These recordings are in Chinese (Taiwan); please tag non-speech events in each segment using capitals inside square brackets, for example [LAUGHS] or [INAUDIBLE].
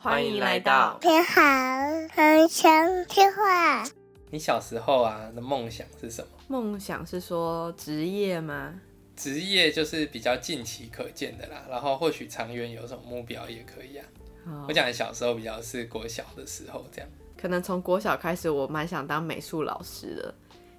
歡迎來到你好，很想聽話。你小時候啊的夢想是什麼？夢想是說職業嗎？職業就是比較近期可見的啦，然後或許長遠有什麼目標也可以啊。哦，我講小時候比較是國小的時候這樣，可能從國小開始，我蠻想當美術老師的，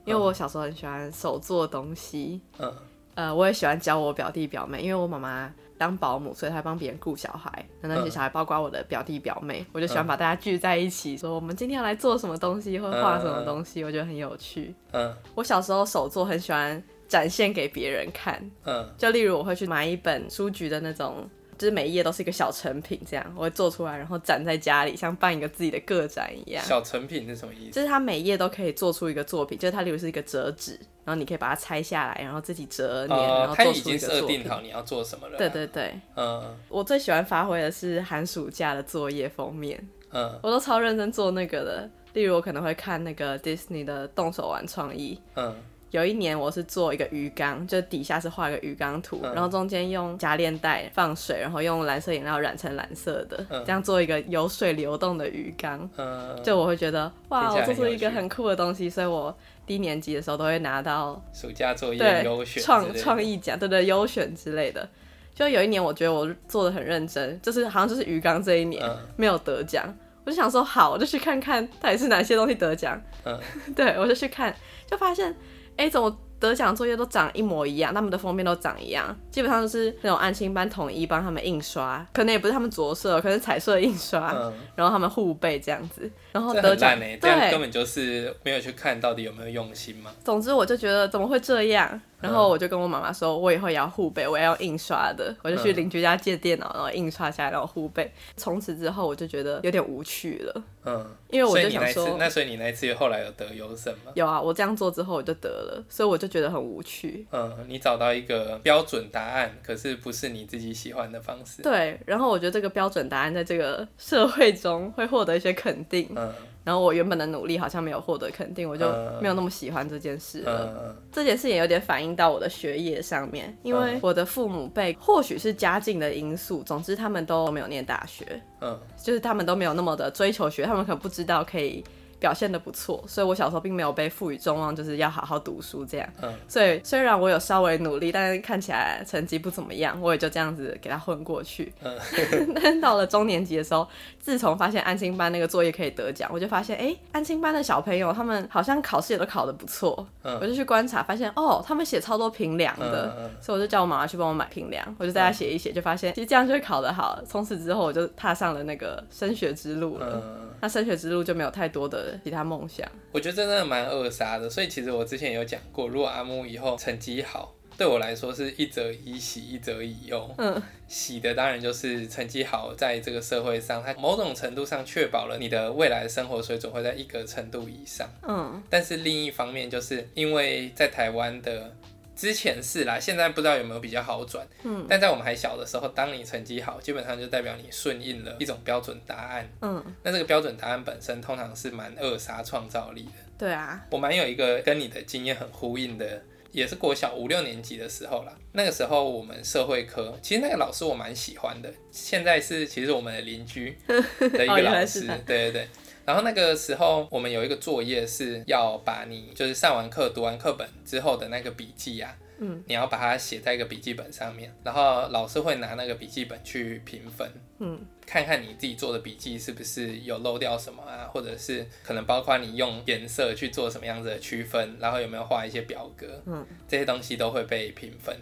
因為我小時候很喜歡手做東西。嗯，呃，我也喜歡教我表弟表妹，因為我媽媽。當保姆，所以他還幫別人顧小孩。那那些小孩包括我的表弟表妹，嗯、我就喜歡把大家聚在一起、嗯，說我們今天要來做什麼東西，或畫什麼東西、嗯嗯，我覺得很有趣、嗯。我小時候手作很喜歡展現給別人看、嗯。就例如我會去買一本書局的那種。就是每頁都是一個小成品，這樣我會做出來，然後展在家裡，像辦一個自己的個展一樣。小成品是什麼意思？就是它每頁都可以做出一個作品，就是它例如是一個折紙，然後你可以把它拆下來，然後自己折捏，哦，然後做出一個作品。他已經設定好你要做什麼了，啊。對對對，嗯，我最喜歡發揮的是寒暑假的作業封面，嗯，我都超認真做那個的。例如我可能會看那個 Disney 的動手玩創意，嗯。有一年我是做一個魚缸，就底下是畫一個魚缸圖，嗯，然後中間用夾鏈袋放水，然後用藍色飲料染成藍色的，嗯，這樣做一個有水流動的魚缸。嗯，就我會覺得哇，我做出一個很酷的東西，所以我低年級的時候都會拿到暑假作業的優選創創意獎，對對，優選之類的。就有一年我覺得我做的很認真，就是好像就是魚缸這一年，嗯，沒有得獎，我就想說好，我就去看看到底是哪些東西得獎。嗯， [LAUGHS] 對我就去看，就發現。哎、欸，怎麼得獎作業都長一模一樣？他們的封面都長一樣，基本上都是那種安親班統一幫他們印刷，可能也不是他們着色，可能是彩色印刷，嗯、然後他們護貝這樣子，然後得獎哎，對，根本就是沒有去看到底有沒有用心嘛。總之我就覺得怎麼會這樣？嗯、然後我就跟我媽媽說，我以後也要護貝，我也要印刷的。我就去鄰居家借電腦，嗯、然後印刷下來，然後護貝。從此之後，我就覺得有點無趣了。嗯，因為我就想說，所那，那所以你那次後來有得有什麼？有啊，我這樣做之後我就得了，所以我就覺得很無趣。嗯，你找到一個標準答案，可是不是你自己喜歡的方式。對，然後我覺得這個標準答案在這個社會中會獲得一些肯定。嗯。然後我原本的努力好像沒有獲得肯定，我就沒有那麼喜歡這件事了。嗯嗯。這件事也有點反映到我的學業上面，因為我的父母輩或許是家境的因素，總之他們都沒有念大學，嗯、就是他們都沒有那麼的追求學，他們可能不知道可以。表現的不錯，所以我小時候並沒有被賦予眾望，就是要好好讀書這樣、嗯。所以雖然我有稍微努力，但是看起來成績不怎麼樣，我也就這樣子給他混過去。嗯。 [LAUGHS] [LAUGHS] 但到了中年級的時候，自從發現安親班那個作業可以得獎，我就發現，哎、欸，安親班的小朋友他們好像考試也都考得不錯、嗯。我就去觀察，發現哦，他們寫超多評量的、嗯。所以我就叫我媽媽去幫我買評量，我就在家寫一寫，就發現其實這樣就會考得好。從此之後，我就踏上了那個升學之路了。嗯、那升學之路就沒有太多的。其他夢想，我覺得這真的蠻扼殺的。所以其實我之前有講過，如果阿木以後成績好，對我來說是一則以喜，一則以憂。嗯，喜的當然就是成績好，在這個社會上，它某種程度上確保了你的未來的生活水準會在一個程度以上。嗯，但是另一方面，就是因為在台灣的。之前是啦，現在不知道有沒有比較好轉？嗯，但在我們還小的時候，當你成績好，基本上就代表你順應了一種標準答案。嗯，那這個標準答案本身通常是蠻扼殺創造力的。對啊，我蠻有一個跟你的經驗很呼應的，也是國小五六年級的時候啦。那個時候我們社會科，其實那個老師我蠻喜歡的，現在是其實我們的鄰居的一個老師。 [LAUGHS] 哦，原來是他。對對對。然後那個時候，我們有一個作業是要把你就是上完課、讀完課本之後的那個筆記啊，嗯，你要把它寫在一個筆記本上面，然後老師會拿那個筆記本去評分，嗯，看看你自己做的筆記是不是有漏掉什麼啊，或者是可能包括你用顏色去做什麼樣子的區分，然後有沒有畫一些表格，嗯，這些東西都會被評分。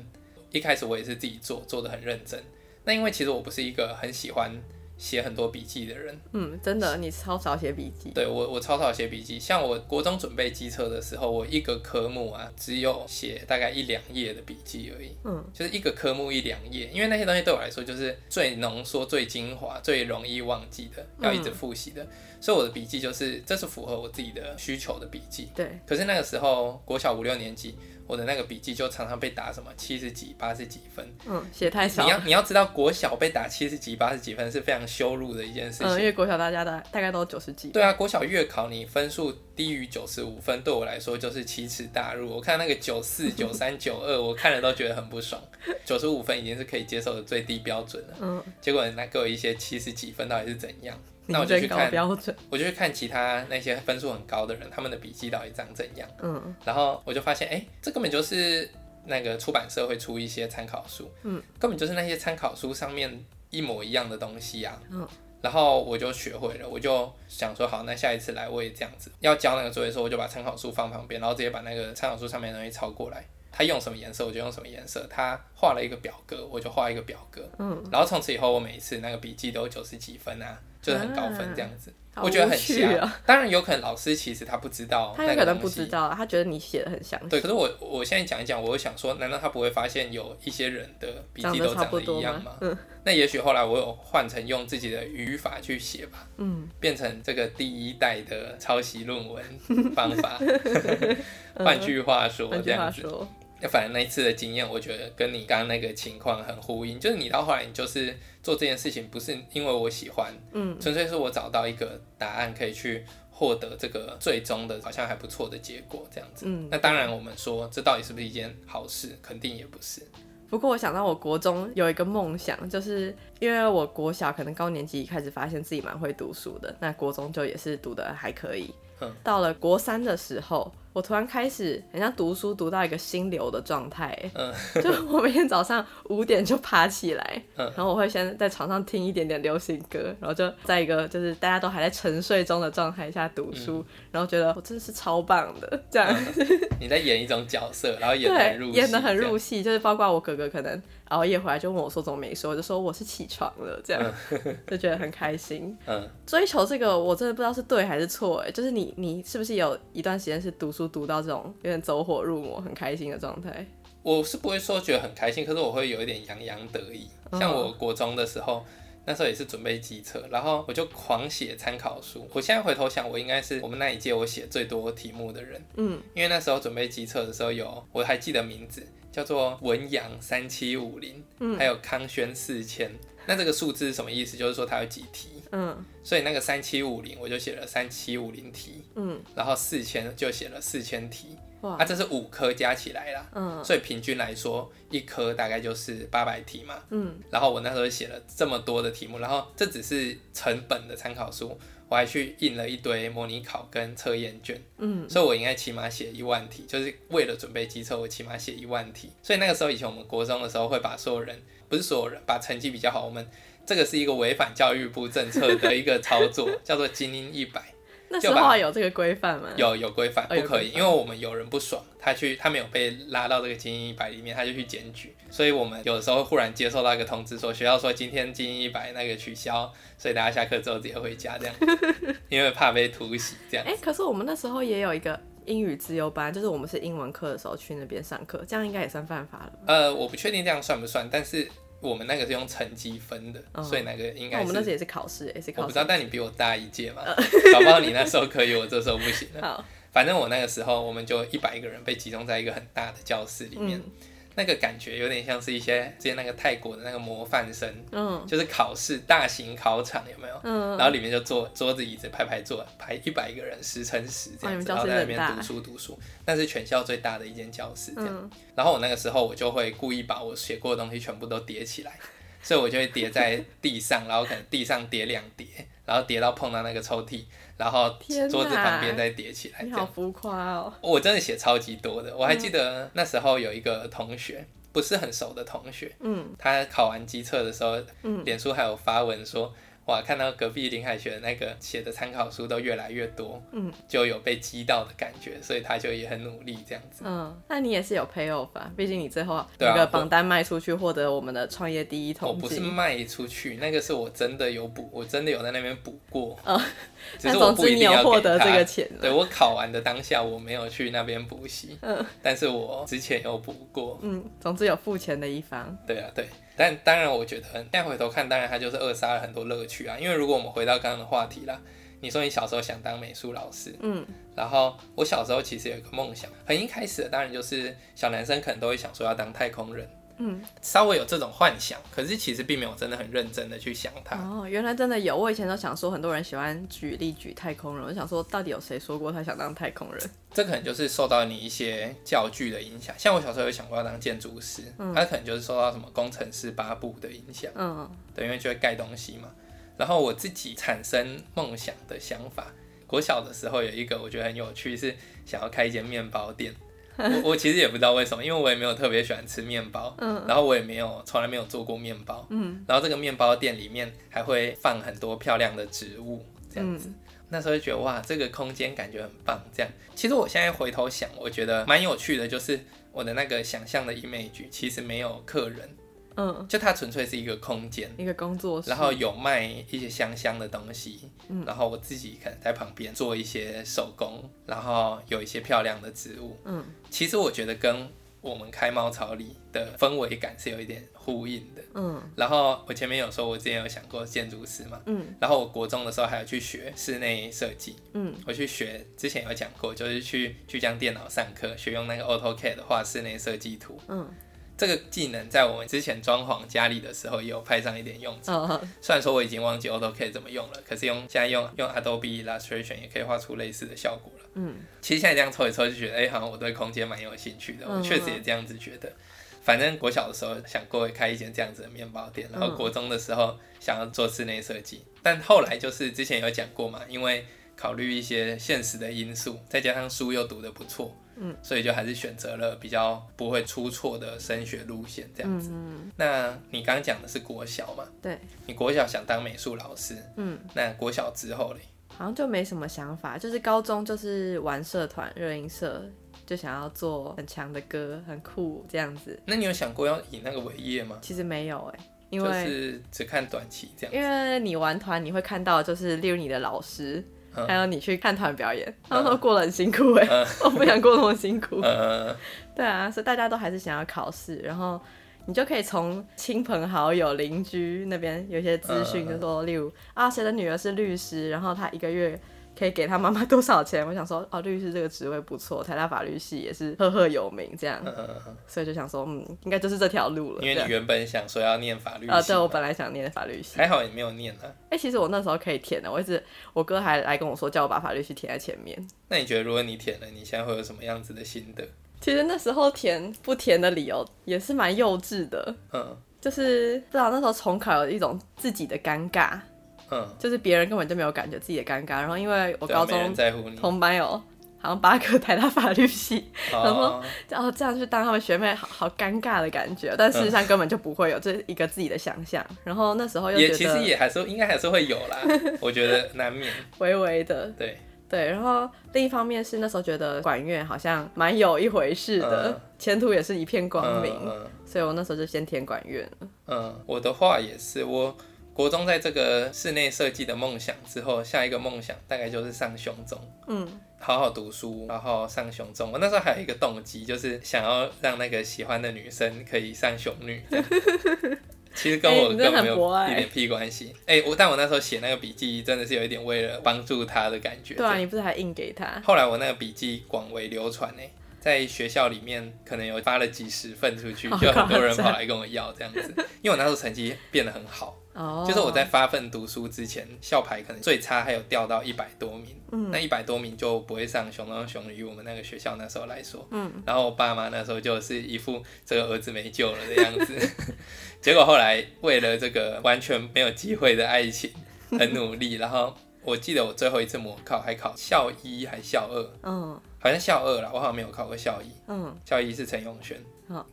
一開始我也是自己做，做得很認真。那因為其實我不是一個很喜歡。寫很多筆記的人，嗯，真的，你超少寫筆記。對，我，我超少寫筆記。像我國中準備基測的時候，我一個科目啊，只有寫大概一兩頁的筆記而已。嗯，就是一個科目一兩頁，因為那些東西對我來說就是最濃縮、最精華、最容易忘記的，要一直複習的。嗯。所以我的筆記就是，這是符合我自己的需求的筆記。對。可是那個時候，國小五六年級。我的那個筆記就常常被打什麼七十幾、八十幾分，嗯，寫太少。你要你要知道，國小被打七十幾、八十幾分是非常羞辱的一件事情。嗯，因為國小大家大大概都九十幾。對啊，國小月考你分數低於九十五分，對我來說就是奇恥大辱。我看那個九四、九三、九二，我看了都覺得很不爽。九十五分已經是可以接受的最低標準了。嗯，結果來給我一些七十幾分，到底是怎樣？那我就去看，我就去看其他那些分數很高的人，他們的筆記到底長怎樣？嗯，然後我就發現，欸，這根本就是那個出版社會出一些參考書，嗯，根本就是那些參考書上面一模一樣的東西呀。嗯，然後我就學會了，我就想說，好，那下一次來我也這樣子。要交那個作業的時候，我就把參考書放旁邊，然後直接把那個參考書上面的東西抄過來。他用什麼顏色，我就用什麼顏色。他畫了一個表格，我就畫一個表格。嗯，然後從此以後，我每一次那個筆記都九十幾分啊。就是很高分這樣子，啊、我覺得很像、啊。當然有可能老師其實他不知道，他可能不知道、啊，他覺得你寫的很詳細。對，可是我我現在講一講，我又想說，難道他不會發現有一些人的筆記都長得一樣嗎、嗯？那也許後來我有換成用自己的語法去寫吧，嗯，變成這個第一代的抄襲論文方法。換 [LAUGHS] [LAUGHS] 句，句話說，這樣子。反正那一次的經驗，我覺得跟你剛剛那個情況很呼應，就是你到後來你就是做這件事情，不是因為我喜歡，嗯，純粹是我找到一個答案，可以去獲得這個最終的，好像還不錯的結果這樣子。嗯，那當然我們說這到底是不是一件好事，肯定也不是。不過我想到，我國中有一個夢想就是。因為我國小可能高年級一開始發現自己蠻會讀書的，那國中就也是讀的還可以、嗯。到了國三的時候，我突然開始好像讀書讀到一個心流的狀態、嗯，就我每天早上五點就爬起來、嗯，然後我會先在床上聽一點點流行歌，然後就在一個就是大家都還在沉睡中的狀態下讀書、嗯，然後覺得我真的是超棒的這樣、嗯、你在演一種角色，然後演得很入戲，演得很入戲，就是包括我哥哥可能熬夜回來就問我說怎麼沒睡，我就說我是起闖了，這樣就覺得很開心。 [LAUGHS] 嗯，追求這個我真的不知道是對還是錯哎、欸。就是你，你是不是有一段時間是讀書讀到這種有點走火入魔、很開心的狀態？我是不會說覺得很開心，可是我會有一點洋洋得意。嗯、像我國中的時候，那時候也是準備基測，然後我就狂寫參考書。我現在回頭想，我應該是我們那一屆我寫最多題目的人。嗯，因為那時候準備基測的時候有，我還記得名字叫做文陽三七五零，嗯，還有康軒四千。那這個數字是什麼意思？就是說它有幾題？嗯，所以那個三七五零，我就寫了三七五零題，嗯，然後四千就寫了四千題，哇，啊、這是五科加起來啦，嗯，所以平均來說，一科大概就是八百題嘛，嗯，然後我那時候寫了這麼多的題目，然後這只是成本的參考書。我還去印了一堆模擬考跟測驗卷，嗯，所以我應該起碼寫一萬題，就是為了準備基測，我起碼寫一萬題。所以那個時候，以前我們國中的時候，會把所有人，不是所有人，把成績比較好，我們這個是一個違反教育部政策的一個操作， [LAUGHS] 叫做精英一百。那時候還有這個規範嗎？有有規範，不可以、哦，因為我們有人不爽，他去他沒有被拉到這個精英一百裡面，他就去檢舉，所以我們有時候忽然接收到一個通知說，說學校說今天精英一百那個取消，所以大家下課之後直接回家，這樣， [LAUGHS] 因為怕被突襲，這樣。哎、欸，可是我們那時候也有一個英語自由班，就是我們是英文課的時候去那邊上課，這樣應該也算犯法了。呃，我不確定這樣算不算，但是。我們那個是用成績分的，oh, 所以那個應該是我們那時也是考試、欸，也是考試。我不知道，但你比我大一屆嘛，寶、uh, 寶 [LAUGHS] 你那時候可以，我這時候不行了。 [LAUGHS] 好，反正我那個時候，我們就一百個人被集中在一個很大的教室裡面。嗯那個感覺有點像是一些之前那個泰國的那個模範生、嗯，就是考試大型考場有沒有？嗯、然後裡面就坐桌子椅子排排坐，排一百個人十乘十這樣子，然後在那邊讀書讀書。那是全校最大的一間教室這樣。嗯、然後我那個時候，我就會故意把我學過的東西全部都疊起來，所以我就會疊在地上， [LAUGHS] 然後可能地上疊兩疊，然後疊到碰到那個抽屜。然後桌子旁邊再疊起來，這樣浮誇哦！我真的寫超級多的，我還記得那時候有一個同學，不是很熟的同學，嗯，他考完基測的時候，臉書還有發文說。嗯哇，看到隔壁林海雪的那個寫的參考書都越來越多，嗯，就有被激到的感覺，所以他就也很努力這樣子。嗯，那你也是有 pay off 吧，啊？畢竟你最後那個榜單賣出去，獲得我們的創業第一桶金。我不是賣出去，那個是我真的有補，我真的有在那邊補過。啊、嗯，那總之我不一定要獲得這個錢。對，我考完的當下，我沒有去那邊補習，嗯，但是我之前有補過，嗯，總之有付錢的一方。對啊，對。但當然，我覺得現在回頭看，當然他就是扼殺了很多樂趣啊。因為如果我們回到剛剛的話題啦，你說你小時候想當美術老師，嗯，然後我小時候其實有一個夢想，很一開始的，當然就是小男生可能都會想說要當太空人。嗯，稍微有這種幻想，可是其實並沒有真的很認真的去想它。哦，原來真的有，我以前都想說，很多人喜歡舉例舉太空人，我想說，到底有誰說過他想當太空人？這，這可能就是受到你一些教具的影響，像我小時候有想過要當建築師，他，嗯啊、可能就是受到什麼工程師巴布的影響。嗯，對，因為就會蓋東西嘛。然後我自己產生夢想的想法，國小的時候有一個我覺得很有趣，是想要開一間麵包店。 [LAUGHS] 我我其實也不知道為什麼，因為我也沒有特別喜歡吃麵包，嗯，然後我也沒有從來沒有做過麵包，嗯，然後這個麵包店裡面還會放很多漂亮的植物，這樣子，嗯、那時候就覺得哇，這個空間感覺很棒，這樣。其實我現在回頭想，我覺得蠻有趣的，就是我的那個想象的 image，其實沒有客人。嗯，就它純粹是一個空間，一個工作室，然後有賣一些香香的東西，嗯，然後我自己可能在旁邊做一些手工，然後有一些漂亮的植物。嗯，其實我覺得跟我們開貓草裡的氛圍感是有一點呼應的。嗯，然後我前面有說，我之前有想過建築師嘛。嗯，然後我國中的時候還有去學室內設計。嗯，我去學之前有講過，就是去去將電腦上課，學用那個 AutoCAD 的畫室內設計圖。嗯。這個技能在我們之前裝潢家裡的時候也有派上一點用場。雖然說我已經忘記 AutoCAD 怎麼用了，可是用現在用用 Adobe Illustrator 也可以畫出類似的效果了。嗯，其實現在這樣抽一抽就覺得，哎，好像我對空間蠻有興趣的。我確實也這樣子覺得。反正國小的時候想過開一間這樣子的麵包店，然後國中的時候想要做室內設計，但後來就是之前有講過嘛，因為考慮一些現實的因素，再加上書又讀得不錯。嗯，所以就還是選擇了比較不會出錯的升學路線，這樣子。嗯，嗯。那你剛剛講的是國小嘛？對。你國小想當美術老師。嗯。那國小之後嘞？好像就沒什麼想法，就是高中就是玩社團，熱音社就想要做很強的歌，很酷這樣子。那你有想過要以那個為業嗎？其實沒有哎、欸，因為就是只看短期這樣子。因為你玩團，你會看到就是，例如你的老師。還有你去看團表演，啊、他們說過得很辛苦哎、欸，啊、 [LAUGHS] 我不想過那麼辛苦、 [LAUGHS] 啊。對啊，所以大家都還是想要考試，然後你就可以從親朋好友、鄰居那邊有些資訊，就說例如啊，誰、啊、的女兒是律師，然後她一個月。可以給他媽媽多少錢？我想說，哦，律師這個職位不錯，台大法律系也是赫赫有名，這樣，嗯嗯嗯，所以就想說，嗯，應該就是這條路了。因為你原本想說要念法律系。啊、嗯，對，我本來想念法律系。還好你沒有念啊。哎、欸，其實我那時候可以填的，我一直，我哥還來跟我說，叫我把法律系填在前面。那你覺得如果你填了，你現在會有什麼樣子的心得？其實那時候填不填的理由也是蠻幼稚的。嗯。就是至少那時候重考有一種自己的尷尬。嗯，就是別人根本就沒有感覺自己的尷尬，然後因為我高中同班有好像八個台大法律系，Oh. 然後哦，這樣去當他們學妹，好好尷尬的感覺，但事實上根本就不會有這一個自己的想象然後那時候又也其實也還是應該還是會有啦， [LAUGHS] 我覺得難免微微的，對對，然後另一方面是那時候覺得管院好像蠻有一回事的，嗯、前途也是一片光明、嗯嗯，所以我那時候就先填管院，嗯，我的話也是我。國中在這個室內設計的夢想之後，下一個夢想大概就是上雄中，嗯，好好讀書，然後上雄中。我那時候還有一個動機，就是想要讓那個喜歡的女生可以上雄女。 [LAUGHS] 其實跟我根本沒有一點屁關係。哎、欸欸，我但我那時候寫那個筆記，真的是有一點為了幫助他的感覺。對啊對，你不是還印給他？後來我那個筆記廣為流傳呢、欸，在學校裡面可能有發了幾十份出去，就很多人跑來跟我要這樣子。因為我那時候成績變得很好。就是我在發奮讀書之前，校排可能最差，還有掉到一百多名。嗯，那一百多名就不會上雄中雄女，我們那個學校那時候來說，嗯，然後我爸媽那時候就是一副這個兒子沒救了的樣子。 [LAUGHS] 結果後來為了這個完全沒有機會的愛情，很努力。然後我記得我最後一次模考還考校一還校二，嗯，好像校二了，我好像沒有考過校一，嗯，校一是陳永軒，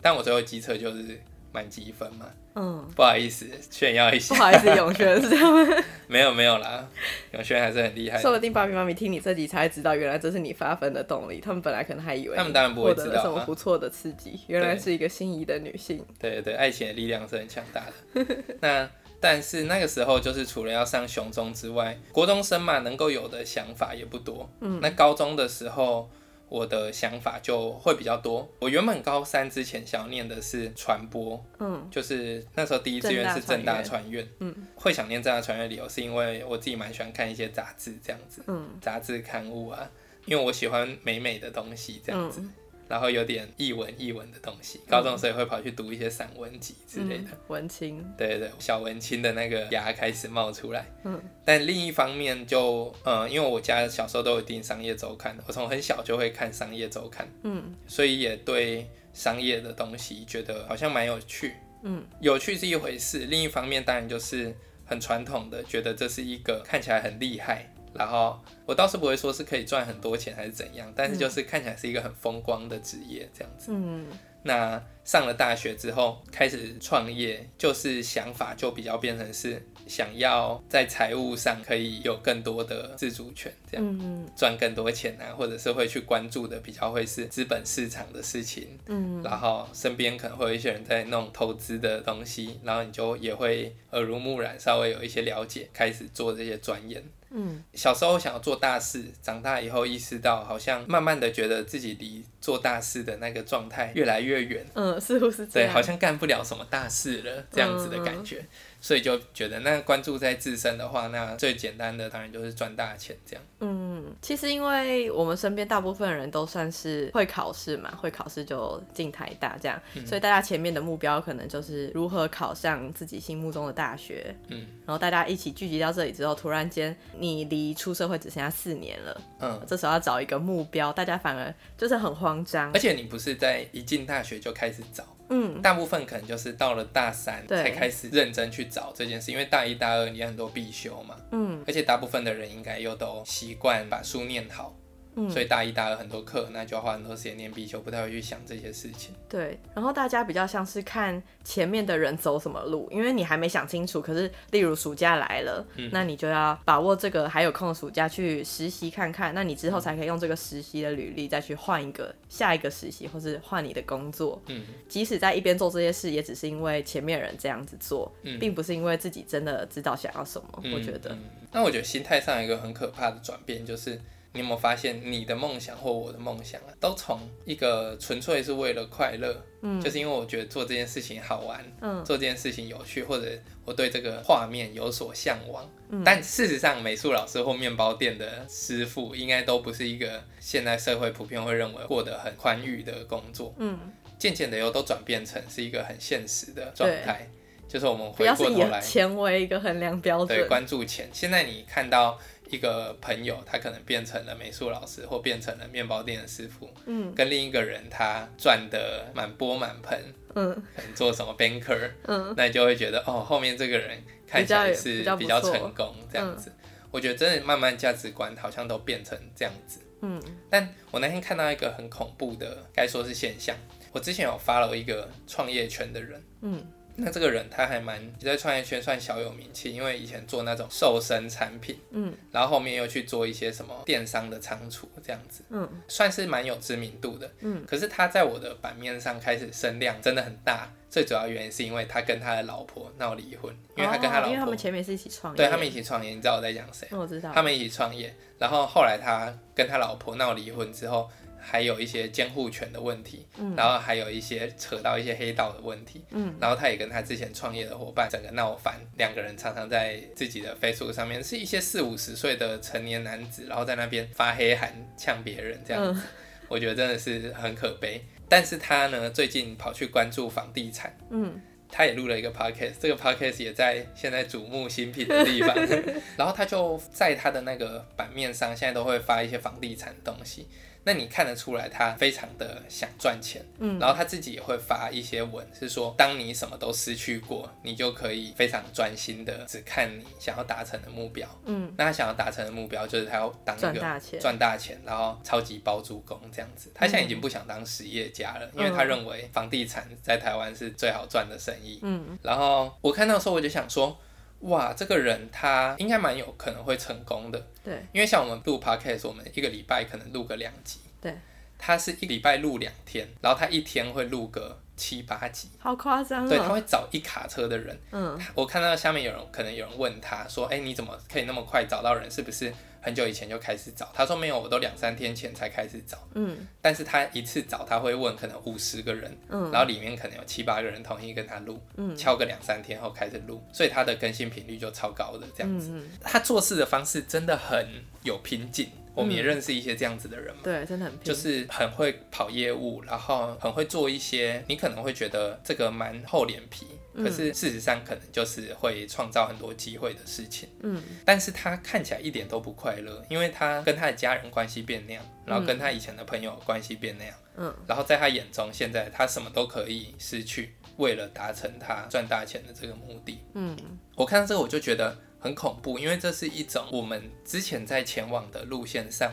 但我最後基測，就是。滿級分嘛，嗯，不好意思，炫耀一下。不好意思，永軒是這樣嗎？ [LAUGHS] 沒有沒有啦，永軒還是很厲害。說不定爸比媽咪聽你這集才知道，原來這是你發奮的動力。他們本來可能還以為他們當然不會知道獲得什麼不錯的刺激，原來是一個心儀的女性。對對，對，對，愛情的力量是很強大的。 [LAUGHS] 那但是那個時候，就是除了要上雄中之外，國中生嘛，能夠有的想法也不多。嗯，那高中的時候。我的想法就會比較多。我原本高三之前想要念的是傳播，嗯，就是那時候第一志願是政大傳院，院，嗯，會想念政大傳院的理由是因為我自己蠻喜歡看一些雜誌這樣子，嗯，雜誌刊物啊，因為我喜歡美美的東西這樣子。嗯然後有點藝文、藝文的東西，高中的時候也會跑去讀一些散文集之類的。嗯、文青，對對對，小文青的那個芽開始冒出來。嗯。但另一方面就，就呃，因為我家小時候都有訂《商業周刊》，我從很小就會看《商業周刊》。嗯。所以也對商業的東西覺得好像蠻有趣。嗯。有趣是一回事，另一方面當然就是很傳統的，覺得這是一個看起來很厲害。然後我倒是不會說是可以賺很多錢還是怎樣，但是就是看起來是一個很風光的職業這樣子。嗯、那上了大學之後開始創業，就是想法就比較變成是想要在財務上可以有更多的自主權，這樣、嗯、賺更多錢啊，或者是會去關注的比較會是資本市場的事情。嗯、然後身邊可能會有一些人在弄投資的東西，然後你就也會耳濡目染，稍微有一些了解，開始做這些專研。嗯，小時候想要做大事，長大以後意識到，好像慢慢的覺得自己離做大事的那個狀態越來越遠。嗯，似乎是這樣。對，好像幹不了什麼大事了，這樣子的感覺。嗯所以就覺得，那關注在自身的話，那最簡單的當然就是賺大錢這樣。嗯，其實因為我們身邊大部分的人都算是會考試嘛，會考試就進台大這樣，嗯，所以大家前面的目標可能就是如何考上自己心目中的大學。嗯，然後大家一起聚集到這裡之後，突然間你離出社會只剩下四年了。嗯，這時候要找一個目標，大家反而就是很慌張。而且你不是在一進大學就開始找？嗯，大部分可能就是到了大三才開始認真去找這件事，因為大一、大二你很多必修嘛，嗯，而且大部分的人應該又都習慣把書唸好。嗯、所以大一大二很多課，那就要花很多時間念必修，不太會去想這些事情。對，然後大家比較像是看前面的人走什麼路，因為你還沒想清楚。可是，例如暑假來了，嗯，那你就要把握這個還有空的暑假去實習看看，那你之後才可以用這個實習的履歷再去換一個下一個實習，或是換你的工作。嗯，即使在一邊做這些事，也只是因為前面人這樣子做，嗯，並不是因為自己真的知道想要什麼。嗯、我覺得、嗯嗯，那我覺得心態上一個很可怕的轉變就是。你有沒有發現，你的夢想或我的夢想啊，都從一個純粹是為了快樂，嗯，就是因為我覺得做這件事情好玩，嗯、做這件事情有趣，或者我對這個畫面有所向往、嗯。但事實上，美術老師或麵包店的師傅，應該都不是一個現在社會普遍會認為過得很寬裕的工作。嗯，漸漸的又都轉變成是一個很現實的狀態。就是我們回過頭來，錢為一個衡量標準，對，關注錢。現在你看到一個朋友，他可能變成了美術老師，或變成了麵包店的師傅，嗯，跟另一個人他賺的滿缽滿盆，嗯，可能做什麼 banker，嗯，那你就會覺得哦、喔，後面這個人看起來是比較，比較，嗯嗯比較成功，這樣子。我覺得真的慢慢價值觀好像都變成這樣子，嗯。但我那天看到一個很恐怖的，該說是現象。我之前有 follow 一個創業圈的人，嗯。那這個人他還蠻在創業圈算小有名氣，因為以前做那種瘦身產品，嗯，然後後面又去做一些什麼電商的倉儲這樣子，嗯，算是蠻有知名度的，嗯。可是他在我的版面上開始聲量真的很大，最主要原因是因為他跟他的老婆鬧離婚，哦，因為他跟他老婆，因為他們前面是一起創業，對，他們一起創業，你知道我在講誰？哦，我知道，他們一起創業，然後後來他跟他老婆鬧離婚之後。還有一些監護權的問題，嗯，然後還有一些扯到一些黑道的問題，嗯，然後他也跟他之前創業的夥伴，嗯、整個鬧翻，兩個人常常在自己的 Facebook 上面，是一些四五十歲的成年男子，然後在那邊發黑函嗆別人，這樣子，嗯，我覺得真的是很可悲。但是他呢，最近跑去關注房地產，嗯，他也錄了一個 Podcast，這個 Podcast 也在現在矚目新品的地方， [LAUGHS] 然後他就在他的那個版面上現在都會發一些房地產的東西。那你看得出來，他非常的想賺錢，嗯，然後他自己也會發一些文，是說當你什麼都失去過，你就可以非常專心的只看你想要達成的目標，嗯，那他想要達成的目標就是他要當一個賺大錢、賺大錢，然後超級包租公這樣子。他現在已經不想當實業家了，嗯，因為他認為房地產在台灣是最好賺的生意，嗯，然後我看到的時候我就想說。哇，這個人他應該蠻有可能會成功的。對，因為像我們錄 podcast，我們一個禮拜可能錄個兩集。對，他是一禮拜錄兩天，然後他一天會錄個七八集，好誇張。對，他會找一卡車的人。嗯，我看到下面有人，可能有人問他說：“哎、欸，你怎麼可以那麼快找到人？是不是？”很久以前就開始找，他說沒有，我都兩三天前才開始找。嗯，但是他一次找他會問可能五十個人，嗯，然後裡面可能有七八個人同意跟他錄，嗯，敲個兩三天後開始錄，所以他的更新頻率就超高的這樣子、嗯。他做事的方式真的很有拼勁，我們也認識一些這樣子的人嘛，對、嗯，真的很拼，就是很會跑業務，然後很會做一些，你可能會覺得這個蠻厚臉皮。可是事實上，可能就是會創造很多機會的事情。嗯，但是他看起來一點都不快樂，因為他跟他的家人關係變那樣，然後跟他以前的朋友關係變那樣。嗯，然後在他眼中，現在他什麼都可以失去，為了達成他賺大錢的這個目的。嗯，我看到這個我就覺得很恐怖，因為這是一種我們之前在前往的路線上。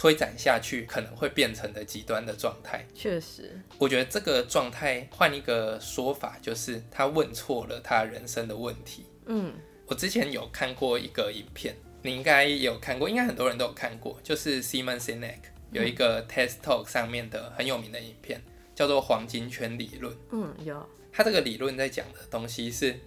推展下去可能會變成的極端的狀態，確實，我覺得這個狀態換一個說法就是他問錯了他人生的問題。嗯，我之前有看過一個影片，你應該有看過，應該很多人都有看過，就是 Simon Sinek 有一個 TED Talk 上面的很有名的影片，嗯、叫做黃金圈理論。嗯，有。他這個理論在講的東西是，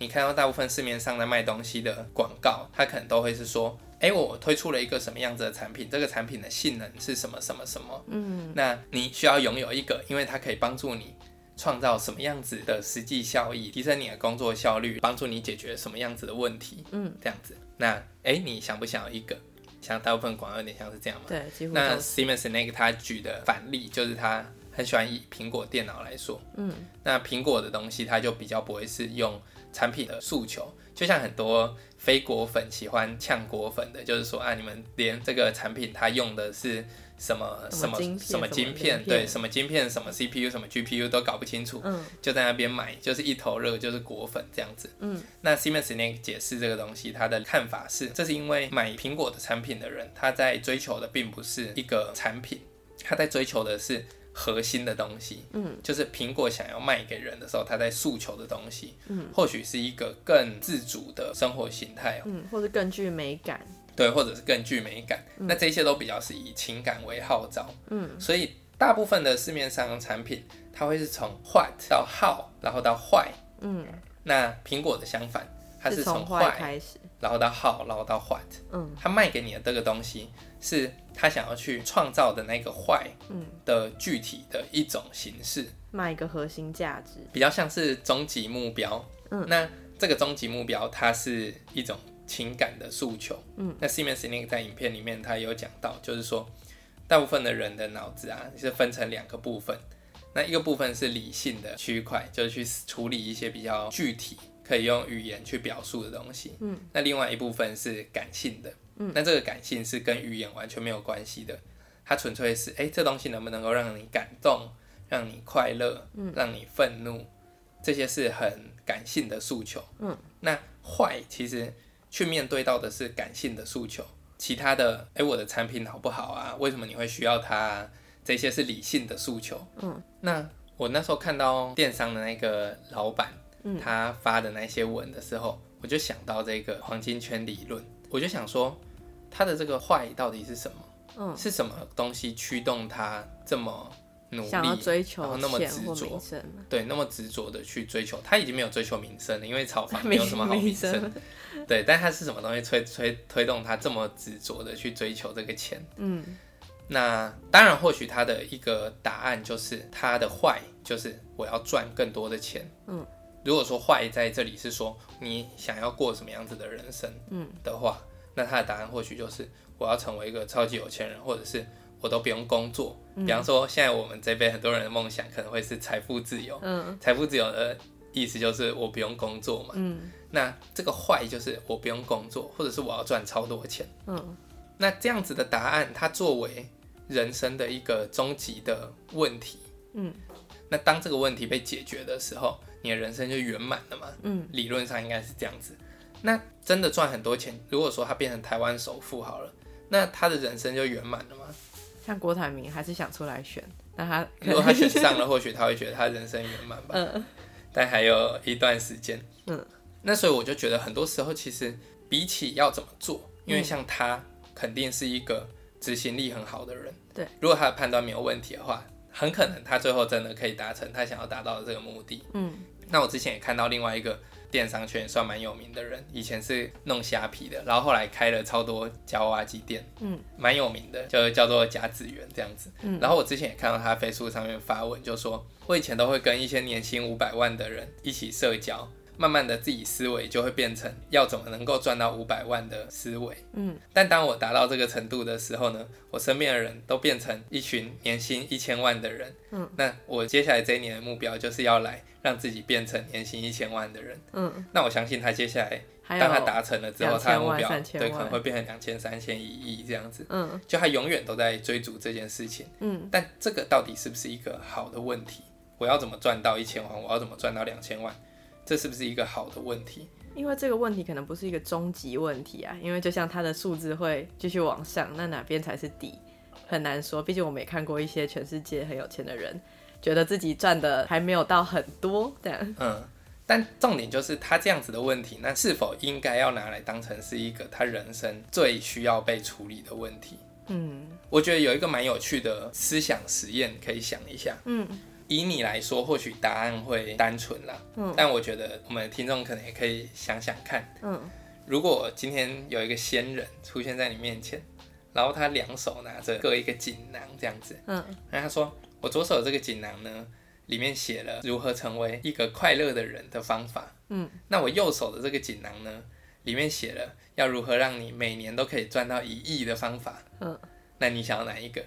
你看到大部分市面上在賣東西的廣告，他可能都會是說。哎、欸，我推出了一個什麼樣子的產品？這個產品的性能是什麼什麼什麼？嗯，那你需要擁有一個，因為它可以幫助你創造什麼樣子的實際效益，提升你的工作效率，幫助你解決什麼樣子的問題？嗯，這樣子。那哎、欸，你想不想有一個？像大部分廣告有點像是這樣嘛？對、嗯，幾乎。那 Simon Sinek 那個他舉的反例，就是他很喜歡以蘋果電腦來說。嗯，那蘋果的東西，他就比較不會是用產品的訴求，就像很多。非果粉喜歡嗆果粉的，就是說啊，你們連這個產品它用的是什麼什麼什麼晶片，對，什麼晶片，什麼 CPU，什麼 GPU 都搞不清楚，嗯、就在那邊買，就是一頭熱，就是果粉這樣子。嗯、那 Simon Sinek 解釋這個東西，他的看法是，這是因為買蘋果的產品的人，他在追求的並不是一個產品，他在追求的是，核心的東西，嗯，就是蘋果想要賣給人的時候，它在訴求的東西，嗯，或許是一個更自主的生活形態喔，嗯，或者更具美感，對，或者是更具美感，嗯，那這些都比較是以情感為號召，嗯，所以大部分的市面上產品，它會是從 what 到 how，然後到 why，嗯，那蘋果的相反，它是從 why 開始，然後到 how，然後到 what，嗯，它賣給你的這個東西。是他想要去創造的那個壞的，具體的一種形式，賣、嗯、一個核心價值，比較像是終極目標。嗯，那這個終極目標，它是一種情感的訴求。嗯，那 Simon Sinek 在影片裡面，他有講到，就是說，大部分的人的腦子啊，是分成兩個部分，那一個部分是理性的區塊，就是去處理一些比較具體可以用語言去表述的東西。嗯，那另外一部分是感性的。那這個感性是跟語言完全沒有關係的，它純粹是哎、欸、這東西能不能夠讓你感動，讓你快樂，讓你憤怒，這些是很感性的訴求。嗯，那壞其實去面對到的是感性的訴求，其他的哎、欸、我的產品好不好啊？為什麼你會需要它啊？這些是理性的訴求。嗯，那我那時候看到電商的那個老闆，他發的那些文的時候，我就想到這個黃金圈理論，我就想說，他的這個壞到底是什麼？嗯，是什麼東西驅動他這麼努力要追求，然後那麼執着？對，那麼執着的去追求。他已經沒有追求名聲了，因為炒房沒有什麼好名聲。對，但他是什麼東西推推推動他這麼執着的去追求這個錢？嗯，那當然，或許他的一個答案就是他的壞就是我要賺更多的錢。嗯，如果說壞在這裡是說你想要過什麼樣子的人生？嗯，的話。那他的答案或許就是我要成為一個超級有錢人，或者是我都不用工作。比方說，現在我們這邊很多人的夢想可能會是財富自由。嗯，財富自由的意思就是我不用工作嘛。嗯、那這個壞就是我不用工作，或者是我要賺超多錢，嗯。那這樣子的答案，它作為人生的一個終極的問題。嗯，那當這個問題被解決的時候，你的人生就圓滿了嘛？嗯，理論上應該是這樣子。那真的賺很多錢，如果說他變成台灣首富好了，那他的人生就圓滿了嗎？像郭台銘還是想出來選，那他如果他選上了，或許他會覺得他人生圓滿吧。呃。但還有一段時間，嗯。那所以我就覺得很多時候，其實比起要怎麼做，因為像他肯定是一個執行力很好的人。對、嗯。如果他的判斷沒有問題的話，很可能他最後真的可以達成他想要達到的這個目的。嗯。那我之前也看到另外一個電商圈也算蠻有名的人，以前是弄蝦皮的，然後後來開了超多夾娃娃機店，嗯，蠻有名的，就叫做甲子園這樣子。嗯，然後我之前也看到他 Facebook 上面發文，就說，我以前都會跟一些年薪五百萬的人一起社交，慢慢的，自己思維就會變成要怎麼能夠賺到五百萬的思維。嗯，但當我達到這個程度的時候呢，我身邊的人都變成一群年薪一千萬的人。嗯，那我接下來這一年的目標就是要來讓自己變成年薪一千萬的人。嗯，那我相信他接下來當他達成了之後，他的目標對可能會變成兩千、三千、一億這樣子。嗯，就他永遠都在追逐這件事情。嗯，但這個到底是不是一個好的問題？我要怎麼賺到一千萬？我要怎麼賺到兩千萬？這是不是一個好的問題？因為這個問題可能不是一個終極問題啊，因為就像他的數字會繼續往上，那哪邊才是底，很難說。畢竟我們也看過一些全世界很有錢的人，覺得自己賺的還沒有到很多這樣。嗯，但重點就是他這樣子的問題，那是否應該要拿來當成是一個他人生最需要被處理的問題？嗯，我覺得有一個蠻有趣的思想實驗可以想一下。嗯。以你來說，或許答案會單純啦。嗯，但我覺得我們聽眾可能也可以想想看。嗯，如果今天有一個仙人出現在你面前，然後他兩手拿着各一個錦囊這樣子。嗯，然後他說：“我左手這個錦囊呢，裡面寫了如何成為一個快樂的人的方法。嗯，那我右手的這個錦囊呢，裡面寫了要如何讓你每年都可以賺到一億的方法。嗯，那你想要哪一個？”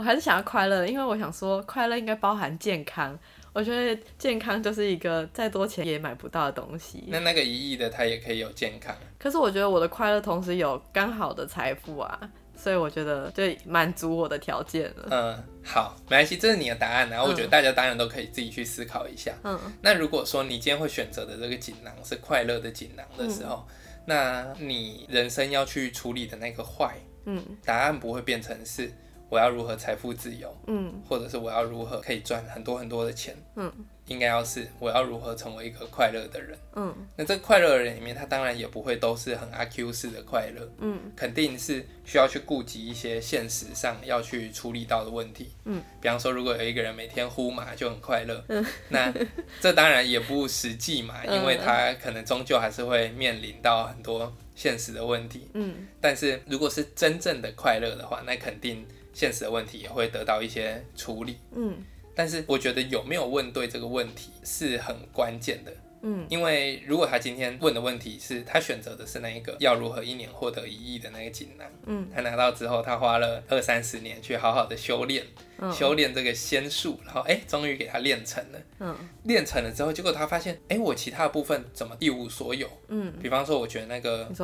我還是想要快樂，因為我想說，快樂應該包含健康。我覺得健康就是一個再多錢也買不到的東西。那那個一億的它也可以有健康，可是我覺得我的快樂同時有剛好的財富啊，所以我覺得就滿足我的條件了。嗯，好，沒關係，這是你的答案。然後我覺得大家當然都可以自己去思考一下。嗯嗯。那如果說你今天會選擇的這個錦囊是快樂的錦囊的時候，嗯，那你人生要去處理的那個壞，嗯，答案不會變成是。我要如何財富自由？嗯，或者是我要如何可以賺很多很多的錢？嗯，應該要是我要如何成為一個快樂的人。嗯，那這快樂的人裡面，他當然也不會都是很阿 Q 式的快樂。嗯，肯定是需要去顧及一些現實上要去處理到的問題。嗯，比方說如果有一個人每天呼麻，就很快樂。嗯，那這當然也不實際嘛。嗯，因為他可能終究還是會面臨到很多現實的問題。嗯，但是如果是真正的快樂的話，那肯定。現實的問題也會得到一些處理，嗯，但是我覺得有沒有問對這個問題是很關鍵的，嗯，因為如果他今天問的問題是他選擇的是那一個要如何一年獲得一億的那個錦囊，嗯，他拿到之後他花了二三十年去好好的修煉、哦，修煉這個仙術，然後哎、欸，終於給他練成了，嗯、哦，練成了之後，結果他發現，哎、欸，我其他的部分怎麼一無所有，嗯，比方說我覺得那個我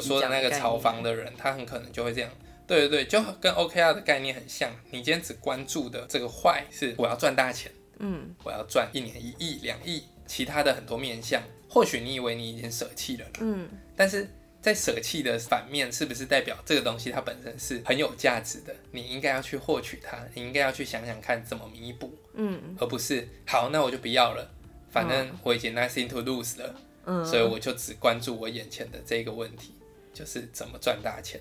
說的那個炒房的人、嗯，他很可能就會這樣。對對對，就跟 OKR 的概念很像。你今天只關注的這個壞是我要賺大錢，嗯，我要賺一年一億、兩億，其他的很多面向，或許你以為你已經捨棄了，嗯，但是在捨棄的反面，是不是代表這個東西它本身是很有價值的？你應該要去獲取它，你應該要去想想看怎麼彌補，嗯，而不是好，那我就不要了，反正我已經 nothing to lose 了，嗯，所以我就只關注我眼前的這個問題，就是怎麼賺大錢。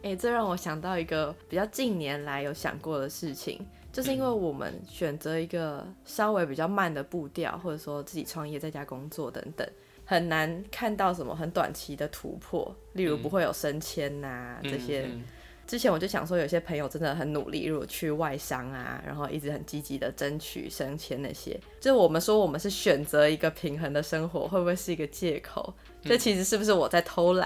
誒、欸，這讓我想到一個比較近年來有想過的事情，就是因為我們選擇一個稍微比較慢的步調，或者說自己創業在家工作等等，很難看到什麼很短期的突破，例如不會有升遷吶、啊嗯、這些、嗯嗯。之前我就想說，有些朋友真的很努力，如果去外商啊，然後一直很積極的爭取升遷那些，就我們說我們是選擇一個平衡的生活，會不會是一個借口？這其實是不是我在偷懶？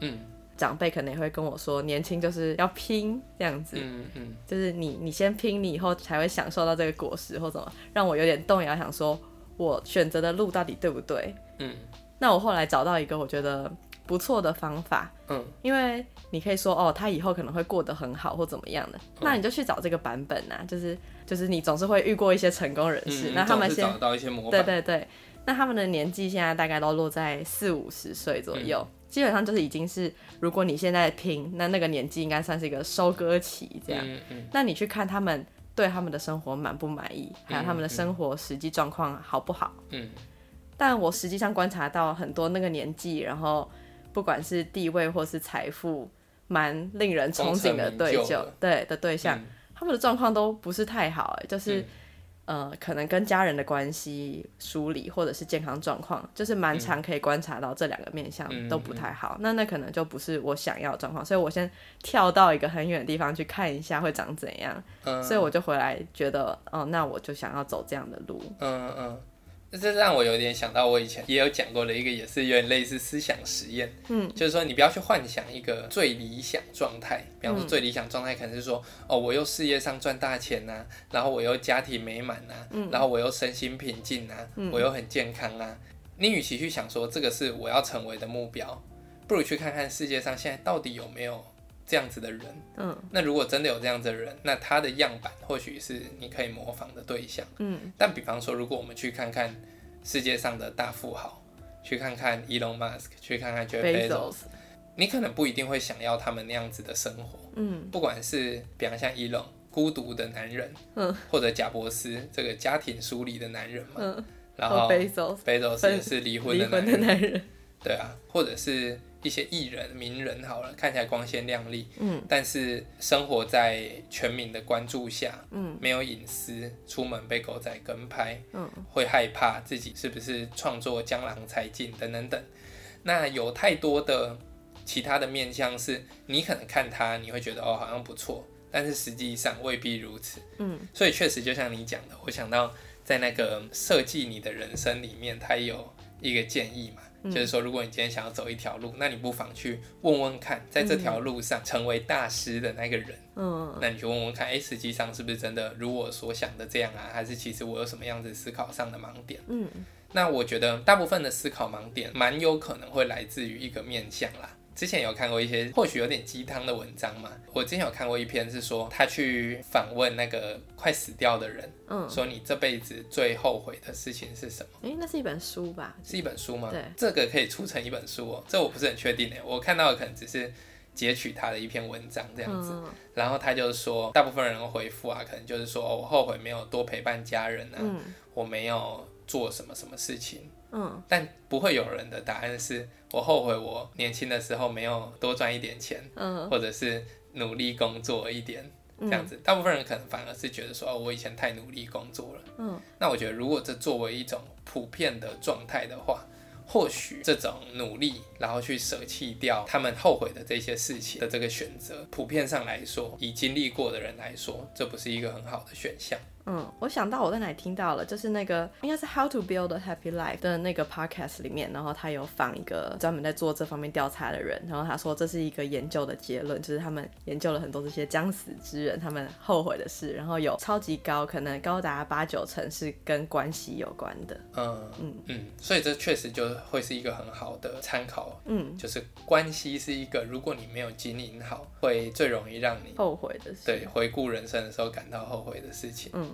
嗯。嗯長輩可能也會跟我說，年輕就是要拼這樣子，嗯嗯、就是你你先拼，你以後才會享受到這個果實或怎麼，讓我有點動搖，想說我選擇的路到底對不對？嗯，那我後來找到一個我覺得不錯的方法，嗯，因為你可以說哦，他以後可能會過得很好或怎麼樣的，嗯、那你就去找這個版本啊，就是就是你總是會遇過一些成功人士，嗯、那他們先找到一些模板，對對對，那他們的年紀現在大概都落在四五十歲左右。嗯基本上就是已經是，如果你現在拼，那那個年紀應該算是一個收割期這樣、嗯嗯。那你去看他們對他們的生活滿不滿意，還有他們的生活實際狀況好不好？嗯。嗯但我實際上觀察到很多那個年紀，然後不管是地位或是財富，蠻令人憧憬的對象，對的對象，嗯、他們的狀況都不是太好，就是。嗯呃，可能跟家人的關係梳理，或者是健康狀況，就是蠻常可以觀察到這兩個面向都不太好、嗯，那那可能就不是我想要的狀況，所以我先跳到一個很遠的地方去看一下會長怎樣，呃、所以我就回來覺得，哦、呃，那我就想要走這樣的路。嗯、呃、嗯。呃這讓我有點想到，我以前也有講過的一個，也是有點類似思想實驗。嗯，就是說，你不要去幻想一個最理想狀態，比方說最理想狀態可能是說，嗯、哦，我又事業上賺大錢吶、啊，然後我又家庭美滿吶、啊嗯，然後我又身心平靜吶、啊嗯，我又很健康啊。你與其去想說這個是我要成為的目標，不如去看看世界上現在到底有沒有。這樣子的人，嗯，那如果真的有這樣子的人，那他的樣板或許是你可以模仿的對象，嗯。但比方說，如果我們去看看世界上的大富豪，去看看 Elon Musk，去看看 Jeff Bezos，Bezos 你可能不一定會想要他們那樣子的生活，嗯。不管是比方像 Elon 孤獨的男人，嗯，或者賈伯斯這個家庭疏離的男人嘛，嗯，哦，然後 Bezos Bezos 是，是離婚的男，離婚的男人，對啊，或者是。一些藝人、名人好了，看起來光鮮亮麗，嗯，但是生活在全民的關注下，嗯，沒有隱私，出門被狗仔跟拍，嗯，會害怕自己是不是創作江郎才盡等等等。那有太多的其他的面向，是你可能看他，你會覺得哦，好像不錯，但是實際上未必如此，嗯，所以確實就像你講的，我想到在那個設計你的人生裡面，他有一個建議嘛。就是說，如果你今天想要走一條路，那你不妨去問問看，在這條路上成為大師的那個人，嗯、那你就問問看，欸、實際上是不是真的如我所想的這樣啊？還是其實我有什麼樣子思考上的盲點？嗯、那我覺得大部分的思考盲點，蠻有可能會來自於一個面向啦。之前有看過一些或許有點雞湯的文章嘛。我之前有看過一篇，是說他去訪問那個快死掉的人，嗯，說你這輩子最後悔的事情是什麼？誒、欸，那是一本書吧？是一本書嗎？對，這個可以出成一本書，喔，哦。這我不是很確定誒、欸。我看到的可能只是截取他的一篇文章這樣子，嗯、然後他就說，大部分人回覆啊，可能就是說我後悔沒有多陪伴家人啊，嗯、我沒有。做什麼什麼事情，嗯，但不會有人的答案是我後悔我年輕的時候沒有多賺一點錢，嗯，或者是努力工作一點這樣子。大部分人可能反而是覺得說，哦，我以前太努力工作了，嗯。那我覺得，如果這作為一種普遍的狀態的話，或許這種努力，然後去捨棄掉他們後悔的這些事情的這個選擇，普遍上來說，以經歷過的人來說，這不是一個很好的選項。嗯，我想到我在哪裡聽到了，就是那個應該是 How to Build a Happy Life 的那個 podcast 裡面，然後他有放一個專門在做這方面調查的人，然後他說這是一個研究的結論，就是他們研究了很多這些將死之人他們後悔的事，然後有超級高，可能高達八九成是跟關係有關的。嗯嗯嗯，所以這確實就會是一個很好的參考。嗯，就是關係是一個，如果你沒有經營好，會最容易讓你後悔的事。對，回顧人生的時候感到後悔的事情。嗯。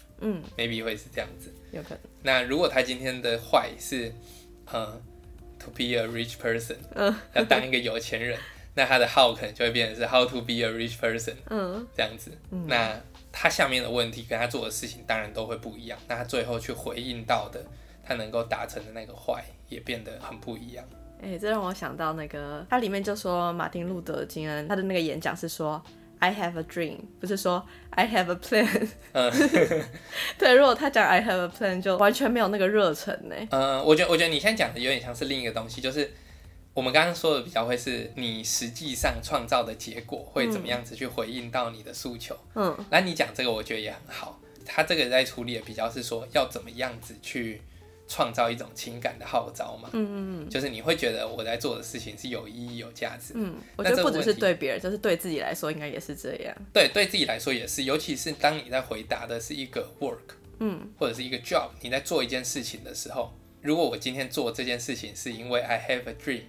嗯，maybe 會是這樣子，有可能。那如果他今天的 why 是，嗯、uh,，to be a rich person，嗯，要當一個有錢人， [LAUGHS] 那他的 how 可能就會變成是 how to be a rich person，嗯，這樣子、嗯。那他下面的問題跟他做的事情當然都會不一樣，那他最後去回應到的，他能夠達成的那個 why 也變得很不一樣。哎、欸，這讓我想到那個，他裡面就說馬丁路德金恩他的那個演講是說，I have a dream，不是說 I have a plan。嗯， [LAUGHS] 對，如果他講 I have a plan，就完全沒有那個熱忱呢。呃、嗯，我覺得我覺得你現在講的有點像是另一個東西，就是我們剛剛說的比較會是你實際上創造的結果會怎麼樣子去回應到你的訴求。嗯，那你講這個我覺得也很好，他這個在處理的比較是說要怎麼樣子去。創造一種情感的號召嘛，嗯嗯，就是你會覺得我在做的事情是有意義、有價值，嗯這，我覺得不只是對別人，就是對自己來說應該也是這樣。對，對自己來說也是，尤其是當你在回答的是一個 work，嗯，或者是一個 job，你在做一件事情的時候，如果我今天做這件事情是因為 I have a dream，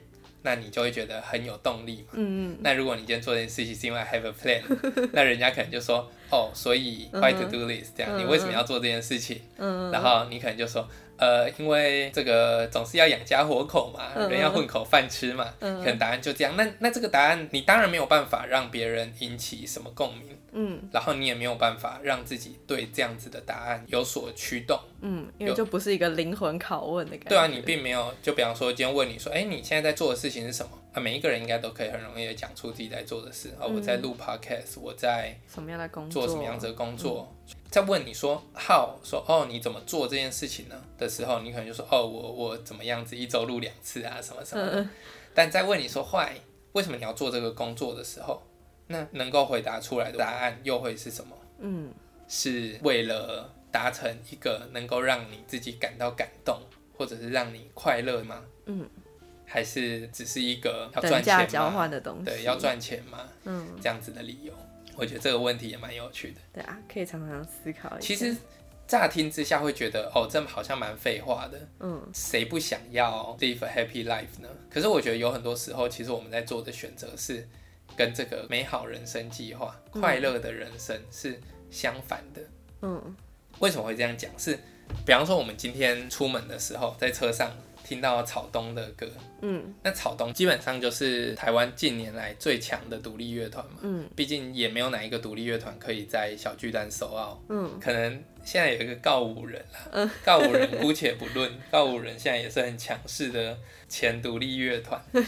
那你就會覺得很有動力嘛，嗯。那如果你今天做這件事情是因為 I have a plan，、嗯、那人家可能就說 [LAUGHS] 哦，所以 why、uh-huh, to do this？這樣你為什麼要做這件事情？嗯、uh-huh,，然後你可能就說。呃，因為這個總是要養家活口嘛，嗯嗯嗯，人要混口飯吃嘛，可能，嗯嗯，答案就這樣。那那這個答案，你當然沒有辦法讓別人引起什麼共鳴。嗯，然後你也沒有辦法，讓自己對這樣子的答案有所驅動。嗯，因為就不是一個靈魂拷問的感覺。對啊，你並沒有就比方說今天問你說，哎，你現在在做的事情是什麼？啊，每一個人應該都可以很容易講出自己在做的事。嗯、哦，我在錄 podcast，我在做什麼樣的工作？做什麼樣的工作？在問你說 how，說哦，你怎麼做這件事情呢？的時候，你可能就說哦，我我怎麼樣子，一周錄兩次啊，什麼什麼、嗯。但在問你說 why，為什麼你要做這個工作的時候？那能夠回答出來的答案又會是什麼？嗯，是為了達成一個能夠讓你自己感到感動，或者是讓你快樂嗎？嗯，還是只是一個要賺錢、等價交換的東西？對，要賺錢嗎？嗯，這樣子的理由，我覺得這個問題也蠻有趣的。對啊，可以常常思考一下。其實乍聽之下會覺得，哦，這好像蠻廢話的。嗯，誰不想要 live a happy life 呢？可是我覺得有很多時候，其實我們在做的選擇是。跟這個美好人生計劃、嗯、快樂的人生是相反的。嗯，為什麼會這樣講？是，比方說我們今天出門的時候，在車上聽到草東的歌。嗯，那草東基本上就是台灣近年來最強的獨立樂團嘛。嗯，畢竟也沒有哪一個獨立樂團可以在小巨蛋首奧。嗯，可能現在有一個告五人啦。嗯， [LAUGHS] 告五人姑且不論，告五人現在也是很強勢的。前獨立樂團， [LAUGHS] 對，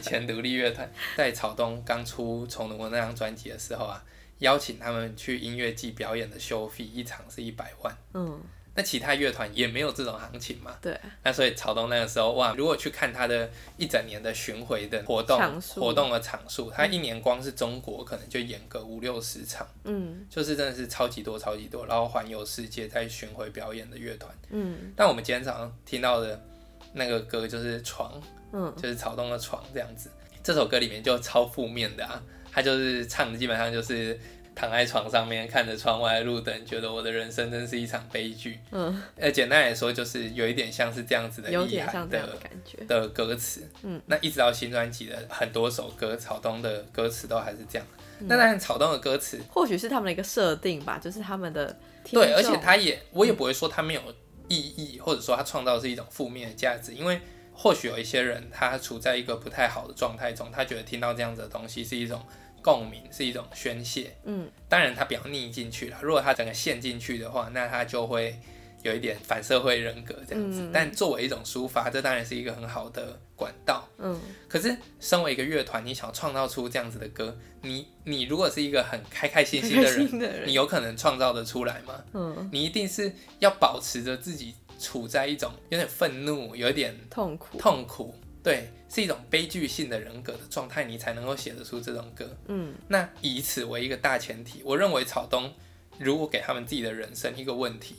前獨立樂團， [LAUGHS] 在草東剛出《蟲洞》那張專輯的時候啊，邀請他們去音樂季表演的收費一場是一百萬、嗯。那其他樂團也沒有這種行情嘛？對。那所以草東那個時候哇，如果去看他的一整年的巡回的活動活動的場數，他一年光是中國、嗯、可能就演個五六十場。嗯。就是真的是超級多超級多，然後環遊世界在巡回表演的樂團。嗯。但我們今天早上聽到的。那個歌就是床，嗯，就是草東的床這樣子。嗯、這首歌裡面就超負面的啊，他就是唱的基本上就是躺在床上面，看着窗外的路燈，覺得我的人生真是一場悲劇，嗯。呃，簡單來說就是有一點像是這樣子的，有點像這樣的感覺的、的歌詞，嗯。那一直到新專輯的很多首歌，草東的歌詞都還是這樣。那、嗯、但草東的歌詞或許是他們的一個設定吧，就是他們的對，而且他也，我也不會說他沒有。嗯意義，或者說他創造的是一種負面的價值，因為或許有一些人他處在一個不太好的狀態中，他覺得聽到這樣子的東西是一種共鳴，是一種宣洩。嗯，當然他比較逆進去了，如果他整個陷進去的話，那他就會。有一點反社會人格這樣子，嗯、但作為一種抒發，這當然是一個很好的管道。嗯，可是身為一個樂團，你想要創造出這樣子的歌，你你如果是一個很開開心心的人，開開心的人，你有可能創造得出來嗎？嗯，你一定是要保持着自己處在一種有點憤怒、有一點痛苦、痛苦，對，是一種悲劇性的人格的狀態，你才能夠寫得出這種歌。嗯，那以此為一個大前提，我認為草東如果給他們自己的人生一個問題。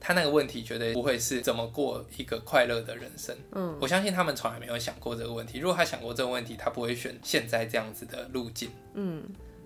他那個問題絕對不會是怎麼過一個快樂的人生。嗯，我相信他們從來沒有想過這個問題。如果他想過這個問題，他不會選現在這樣子的路徑。嗯，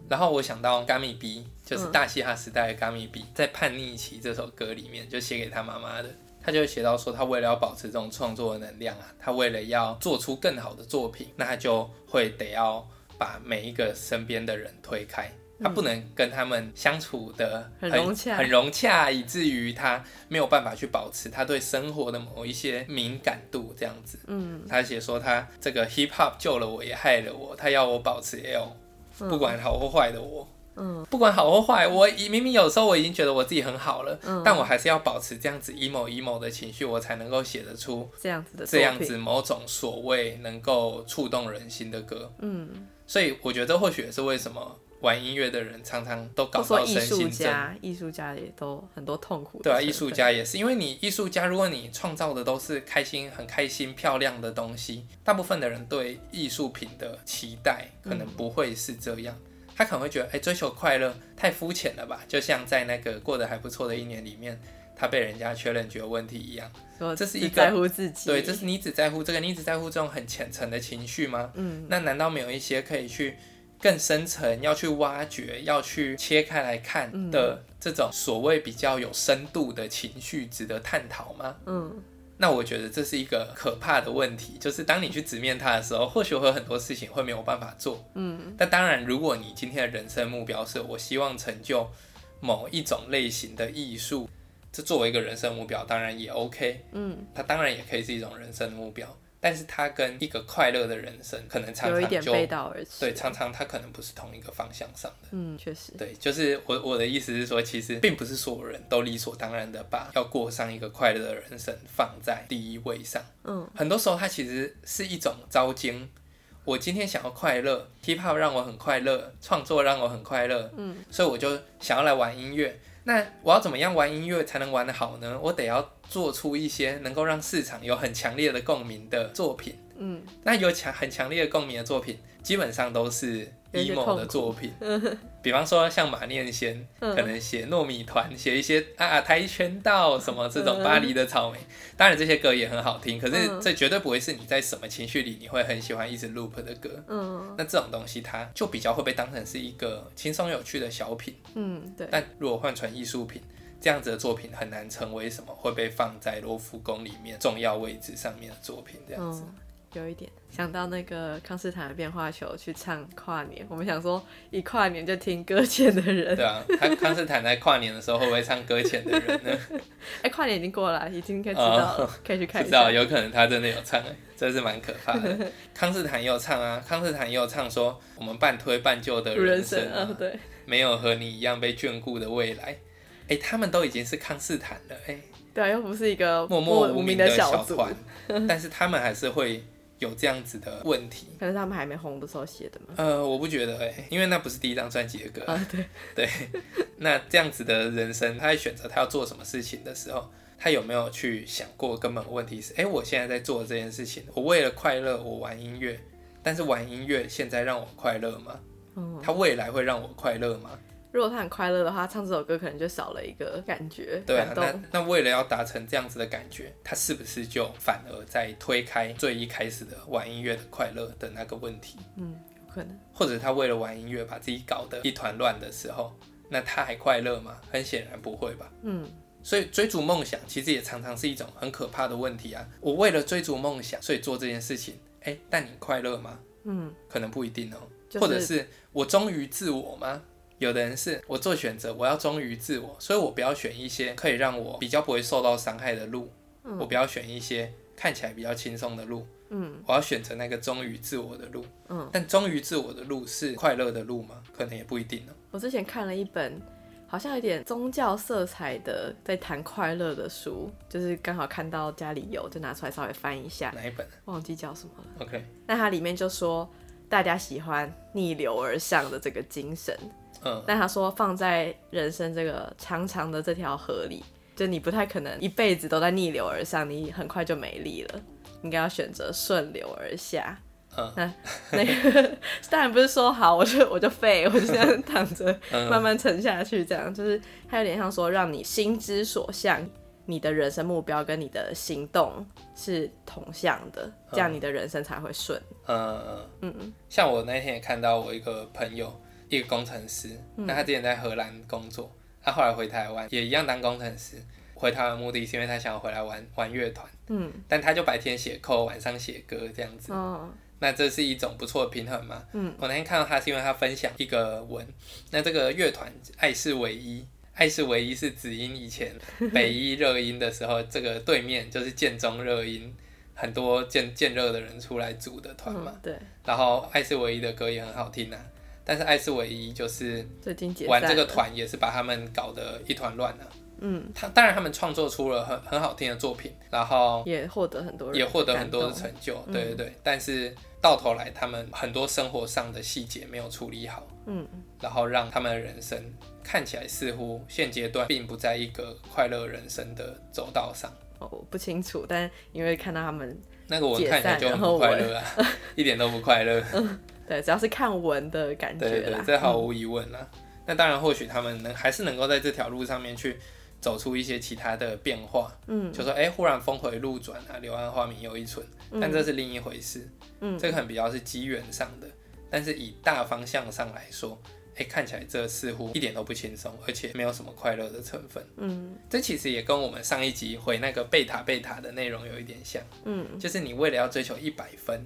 然後我想到《Gummy B》就是大嘻哈時代的《Gummy B》，嗯，在叛逆期這首歌裡面就寫給他媽媽的，他就寫到說，他為了要保持這種創作的能量啊，他為了要做出更好的作品，那他就會得要把每一個身邊的人推開。嗯、他不能跟他們相處的很，很融洽，很融洽，以至於他沒有辦法去保持他對生活的某一些敏感度，這樣子。嗯，他寫說他這個 hip hop 救了我，也害了我。他要我保持 L，、嗯、不管好或壞的我，嗯，不管好或壞，我明明有時候我已經覺得我自己很好了，嗯、但我還是要保持這樣子 emo emo 的情緒，我才能夠寫得出這樣子的這樣子某種所謂能夠觸動人心的歌。嗯，所以我覺得或許也是為什麼。玩音樂的人常常都搞到身心症，藝術家也都很多痛苦。對啊，藝術家也是，因為你藝術家，如果你創造的都是開心、很開心、漂亮的東西，大部分的人對藝術品的期待可能不會是這樣。嗯、他可能會覺得，哎、欸，追求快樂太膚淺了吧？就像在那個過得還不錯的一年裡面，他被人家確認有問題一樣。說這是一個在乎自己。對，這是你只在乎這個，你只在乎這種很淺層的情緒嗎？嗯。那難道沒有一些可以去？更深層要去挖掘，要去切開來看的這種所謂比較有深度的情緒，值得探討嗎？嗯，那我覺得這是一個可怕的問題，就是當你去直面它的時候，或許會有很多事情會沒有辦法做。嗯，但當然，如果你今天的人生目標是我希望成就某一種類型的藝術，這作為一個人生目標，當然也 OK。嗯，它當然也可以是一種人生目標。但是它跟一個快樂的人生可能常常就背道而馳。對，常常它可能不是同一個方向上的，嗯，確實，對，就是我我的意思是說，其實並不是所有人都理所當然的把要過上一個快樂的人生放在第一位上，嗯，很多時候它其實是一種糟踐。我今天想要快樂，T-Pop 讓我很快樂，創作讓我很快樂，嗯，所以我就想要來玩音樂。那我要怎麼樣玩音樂才能玩得好呢？我得要做出一些能夠讓市場有很強烈的共鳴的作品。嗯，那有強很強烈的共鳴的作品，基本上都是。emo 的作品，比方說像馬念先、嗯、可能寫糯米糰，寫一些啊啊跆拳道什麼這種巴黎的草莓，嗯、當然這些歌也很好聽，可是這絕對不會是你在什麼情緒裡你會很喜歡一直 loop 的歌。嗯、那這種東西它就比較會被當成是一個輕鬆有趣的小品。嗯、對。但如果換成藝術品，這樣子的作品很難成為什麼會被放在羅浮宮裡面重要位置上面的作品這樣子。嗯有一點想到那個康斯坦的變化球去唱跨年，我們想說一跨年就聽擱淺的人。對啊，他康斯坦在跨年的時候會不會唱擱淺的人呢？哎 [LAUGHS] 欸，跨年已經過了，已經可以知道了、哦，可以去看一下。不知道，有可能他真的有唱。欸，真是蠻可怕的。 [LAUGHS] 康斯坦又唱啊，康斯坦又唱說我們半推半就的人生、啊、人生啊，對，沒有和你一樣被眷顧的未來。哎、欸，他們都已經是康斯坦了，哎、欸，對、啊，又不是一個默默無名的小團， [LAUGHS] 但是他們還是會。有這樣子的問題，可是他們還沒紅的時候寫的嗎？呃，我不覺得哎、欸，因為那不是第一張專輯的歌、啊、對。對，那這樣子的人生，他在選擇他要做什麼事情的時候，他有沒有去想過根本問題是：哎、欸，我現在在做這件事情，我為了快樂，我玩音樂，但是玩音樂現在讓我快樂嗎、嗯哦？他未來會讓我快樂嗎？如果他很快樂的話，唱這首歌可能就少了一個感覺。對啊，那那為了要達成這樣子的感覺，他是不是就反而在推開最一開始的玩音樂的快樂的那個問題？嗯，有可能。或者他為了玩音樂把自己搞得一團亂的時候，那他還快樂嗎？很顯然不會吧。嗯，所以追逐夢想其實也常常是一種很可怕的問題啊。我為了追逐夢想所以做這件事情，哎，但你快樂嗎？嗯，可能不一定哦。就是，或者是我忠於自我嗎？有的人是我做選擇，我要忠於自我，所以我不要選一些可以讓我比較不會受到傷害的路，嗯，我不要選一些看起來比較輕鬆的路，嗯，我要選擇那個忠於自我的路，嗯，但忠於自我的路是快樂的路嗎？可能也不一定呢。我之前看了一本好像有點宗教色彩的，在談快樂的書，就是剛好看到家裡有，就拿出來稍微翻一下。哪一本啊？忘記叫什麼了。OK。那它裡面就說，大家喜歡逆流而上的這個精神。嗯、但他說，放在人生這個長長的這條河裡，就你不太可能一輩子都在逆流而上，你很快就沒力了。應該要選擇順流而下。那、嗯啊、那個當然 [LAUGHS] 不是說好，我就我就廢，我就這樣躺着、嗯、慢慢沉下去。這樣就是，他有點像說，讓你心之所向，你的人生目標跟你的行動是同向的，嗯、這樣你的人生才會順。嗯嗯嗯嗯，像我那天也看到我一個朋友。一個工程師，那他之前在荷蘭工作，他、嗯啊、後來回台灣也一樣當工程師，回台灣的目的是因為他想要回來玩玩樂團，嗯，但他就白天寫 code，晚上寫歌這樣子、哦，那這是一種不錯的平衡嘛，嗯。我那天看到他是因為他分享一個文，那這個樂團愛是唯一。愛是唯一是紫音以前北一熱音的時候呵呵，這個對面就是建中熱音，很多建建熱的人出來組的團嘛、嗯，對。然後愛是唯一的歌也很好聽啊。但是艾斯唯一，就是玩這個團，也是把他們搞得一團亂了。嗯，他當然他們創作出了很很好聽的作品，然後也獲得很多人也獲得很多的成就，嗯。對對對，但是到頭來他們很多生活上的細節沒有處理好。嗯，然後讓他們的人生看起來似乎現階段並不在一個快樂人生的走道上。哦，我不清楚，但因為看到他們那個我看起來就很快樂啊， [LAUGHS] 一點都不快樂。嗯。對，只要是看文的感覺啦，對，對對，這毫無疑問啦。嗯、那當然，或許他們能還是能夠在這條路上面去走出一些其他的變化。嗯，就說哎、欸，忽然峰回路轉啊，柳暗花明又一村。但這是另一回事。嗯，這可、個、能比較是機緣上的、嗯。但是以大方向上來說，哎、欸，看起來這似乎一點都不輕鬆，而且沒有什麼快樂的成分。嗯，這其實也跟我們上一集回那個貝塔貝塔的內容有一點像。嗯，就是你為了要追求一百分，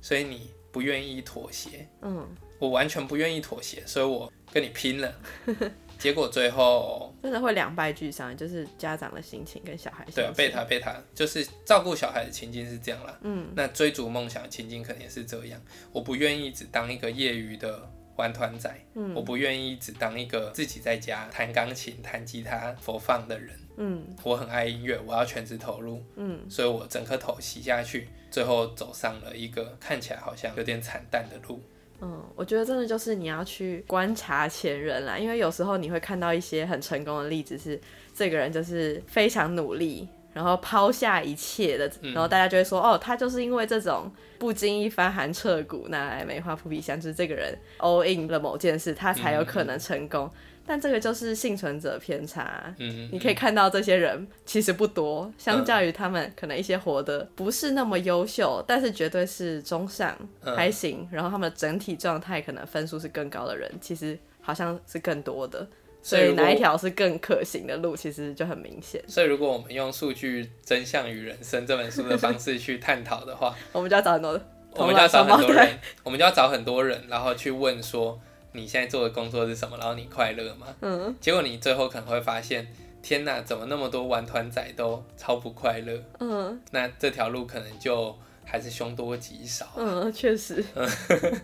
所以你。不願意妥協，嗯，我完全不願意妥協，所以我跟你拼了， [LAUGHS] 結果最後真的會兩敗俱傷，就是家長的心情跟小孩對啊，貝他，貝他。就是照顧小孩的情境是這樣啦。嗯，那追逐夢想的情境可能也是這樣，我不願意只當一個業餘的玩團仔，嗯，我不願意只當一個自己在家彈鋼琴、彈吉他、for fun 的人，嗯，我很愛音樂，我要全職投入，嗯，所以我整顆頭洗下去。最後走上了一個看起來好像有點慘淡的路。嗯，我覺得真的就是你要去觀察前人啦，因為有時候你會看到一些很成功的例子是，是這個人就是非常努力，然後拋下一切的、嗯，然後大家就會說，哦，他就是因為這種不經一番寒徹骨，那梅花撲鼻香，就是這個人 all in 了某件事，他才有可能成功。嗯但這個就是倖存者偏差，嗯嗯嗯，你可以看到這些人其實不多，相較於他們、嗯、可能一些活得不是那麼優秀，但是絕對是中上、嗯、還行，然後他們的整體狀態可能分數是更高的人，其實好像是更多的，所以哪一條是更可行的路，其實就很明顯。所以如果我們用《數據真相與人生》這本書的方式去探討的話， [LAUGHS] 我們就要找很多，我們就要找，我們要找很多人，我們就要找很多人，然後去問說。你現在做的工作是什麼？然後你快樂嗎？嗯，結果你最後可能會發現，天哪，怎麼那麼多玩團仔都超不快樂？嗯，那這條路可能就還是兇多吉少、啊。嗯，確實。 [LAUGHS]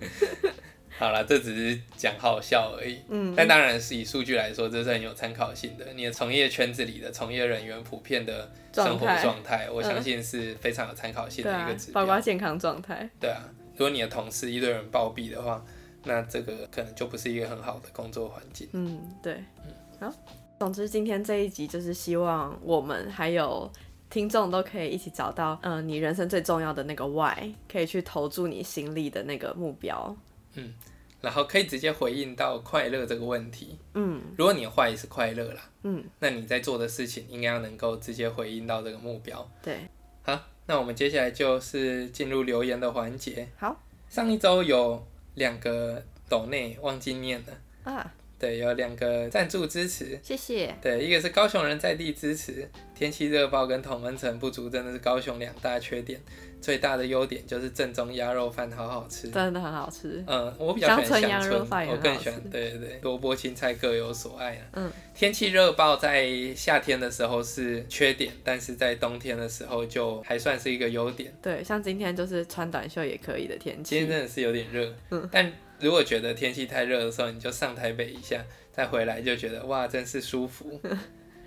好了，這只是講好笑而已。嗯，但當然是以數據來說，這是很有參考性的。你的從業圈子裡的從業人員普遍的生活狀態、嗯，我相信是非常有參考性的一個指標。包括、他、健康狀態。對啊，如果你的同事一堆人暴斃的話。那這個可能就不是一個很好的工作環境。嗯，對。嗯，好，總之今天這一集就是希望我們還有聽眾都可以一起找到，嗯、呃，你人生最重要的那個 why，可以去投注你心力的那個目標。嗯，然後可以直接回應到快樂這個問題。嗯，如果你的 why 也是快樂啦，嗯，那你在做的事情應該要能夠直接回應到這個目標。對。好，那我們接下來就是進入留言的環節。好，上一周有。兩個斗內忘記念了。Uh. 對，有兩個贊助支持，謝謝。對，一個是高雄人在地支持，天氣熱爆跟同溫層不足真的是高雄兩大缺點。最大的優點就是正宗鴨肉飯好好吃，真的很好吃。嗯，我比較喜歡鄉村鴨肉飯，我更喜歡。對對對，蘿卜青菜各有所愛啊。嗯，天氣熱爆在夏天的時候是缺點，但是在冬天的時候就還算是一個優點。對，像今天就是穿短袖也可以的天氣。今天真的是有點熱，嗯，但。如果覺得天氣太熱的時候，你就上台北一下，再回來就覺得哇，真是舒服。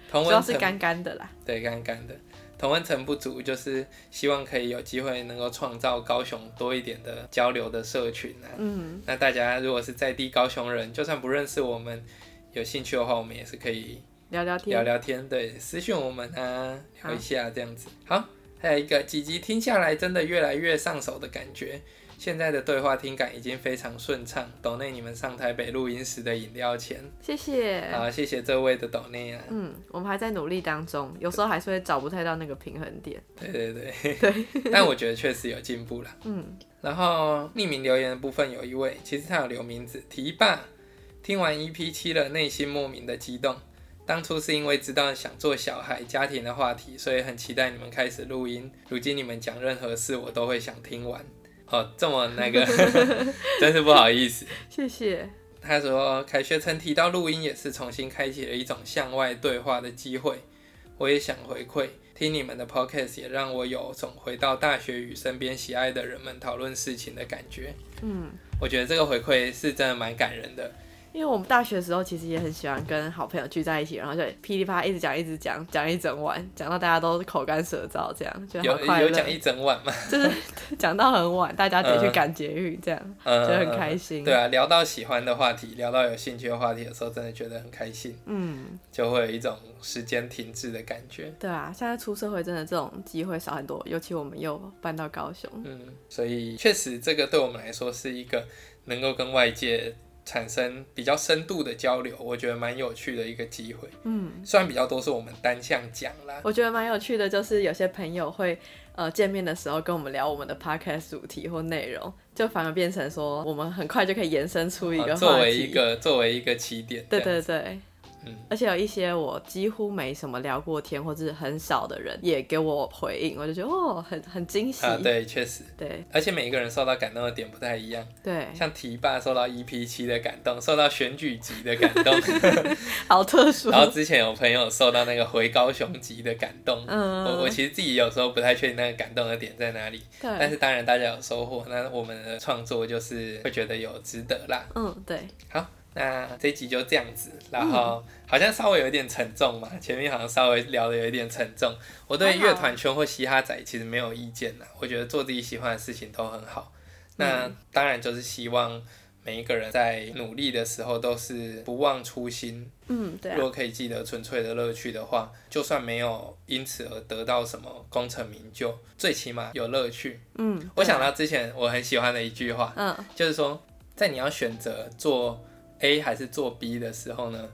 同溫層 [LAUGHS] 主要是乾乾的啦。對，乾乾的。同溫層不足，就是希望可以有機會能夠創造高雄多一點的交流的社群啊。嗯。那大家如果是在地高雄人，就算不認識我們，有興趣的話，我們也是可以聊聊天，聊聊天。對，私訊我們啊，聊一下這樣子。好，好，還有一個幾集聽下來，真的越來越上手的感覺。現在的對話聽感已經非常順暢。斗內你們上台北錄音時的飲料錢，謝謝。好，謝謝這位的斗內啊。嗯，我們還在努力當中，有時候還是會找不太到那個平衡點。對對對，對 [LAUGHS] 但我覺得確實有進步了。嗯。然後匿名留言的部分有一位，其實他有留名字，提霸。聽完 EP 七了，內心莫名的激動。當初是因為知道想做小孩家庭的話題，所以很期待你們開始錄音。如今你們講任何事，我都會想聽完。哦，這麼那個，真是不好意思。 [LAUGHS] 謝謝。他說，凱學曾提到錄音也是重新開啟了一種向外對話的機會。我也想回饋，聽你們的 Podcast 也讓我有種回到大學與身邊喜愛的人們討論事情的感覺。嗯，我覺得這個回饋是真的蠻感人的。因為我們大學的時候其實也很喜歡跟好朋友聚在一起，然後就噼裡啪一直講一直講講一整晚，講到大家都口乾舌燥，這樣就好快樂。有有講一整晚嘛， [LAUGHS] 就是講到很晚，大家得去趕捷運，這樣、嗯、覺得很開心、嗯嗯。對啊，聊到喜歡的話題，聊到有興趣的話題的時候，真的覺得很開心。嗯，就會有一種時間停滯的感覺。對啊，現在出社會真的這種機會少很多，尤其我們又搬到高雄，嗯，所以確實這個對我們來說是一個能夠跟外界。產生比較深度的交流，我覺得蠻有趣的一個機會。嗯，雖然比較多是我們單向講啦，我覺得蠻有趣的，就是有些朋友會呃見面的時候跟我們聊我們的 podcast 主題或內容，就反而變成說我們很快就可以延伸出一個好作為一個作為一個起點。對對對。嗯、而且有一些我幾乎沒什麼聊過天或者是很少的人也給我回應，我就覺得哦，很很驚喜啊、呃。對，確實。對，而且每一個人受到感動的點不太一樣。對。像提爸受到 EP 7的感動，受到選舉級的感動， [LAUGHS] 好特殊。 [LAUGHS] 然後之前有朋友受到那個回高雄級的感動。嗯。我我其實自己有時候不太確定那個感動的點在哪裡。對。但是當然大家有收穫，那我們的創作就是會覺得有值得啦。嗯，對。好。那這一集就這樣子，然後好像稍微有一點沉重嘛、嗯，前面好像稍微聊得有一點沉重。我對樂團圈或嘻哈仔，其實沒有意見啦、嗯，我覺得做自己喜歡的事情都很好。那當然就是希望每一個人在努力的時候都是不忘初心。嗯，對、啊。如果可以記得純粹的樂趣的話，就算沒有因此而得到什麼功成名就，最起碼有樂趣。嗯，我想到之前我很喜歡的一句話，嗯，就是說在你要選擇做 A 還是做 B 的時候呢，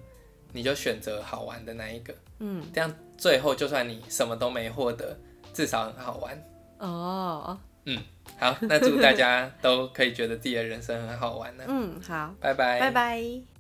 你就選擇好玩的那一個，嗯，這樣最後就算你什麼都沒獲得，至少很好玩。哦，嗯，好，那祝大家都可以覺得自己的人生很好玩呢。嗯，好，拜拜，拜拜。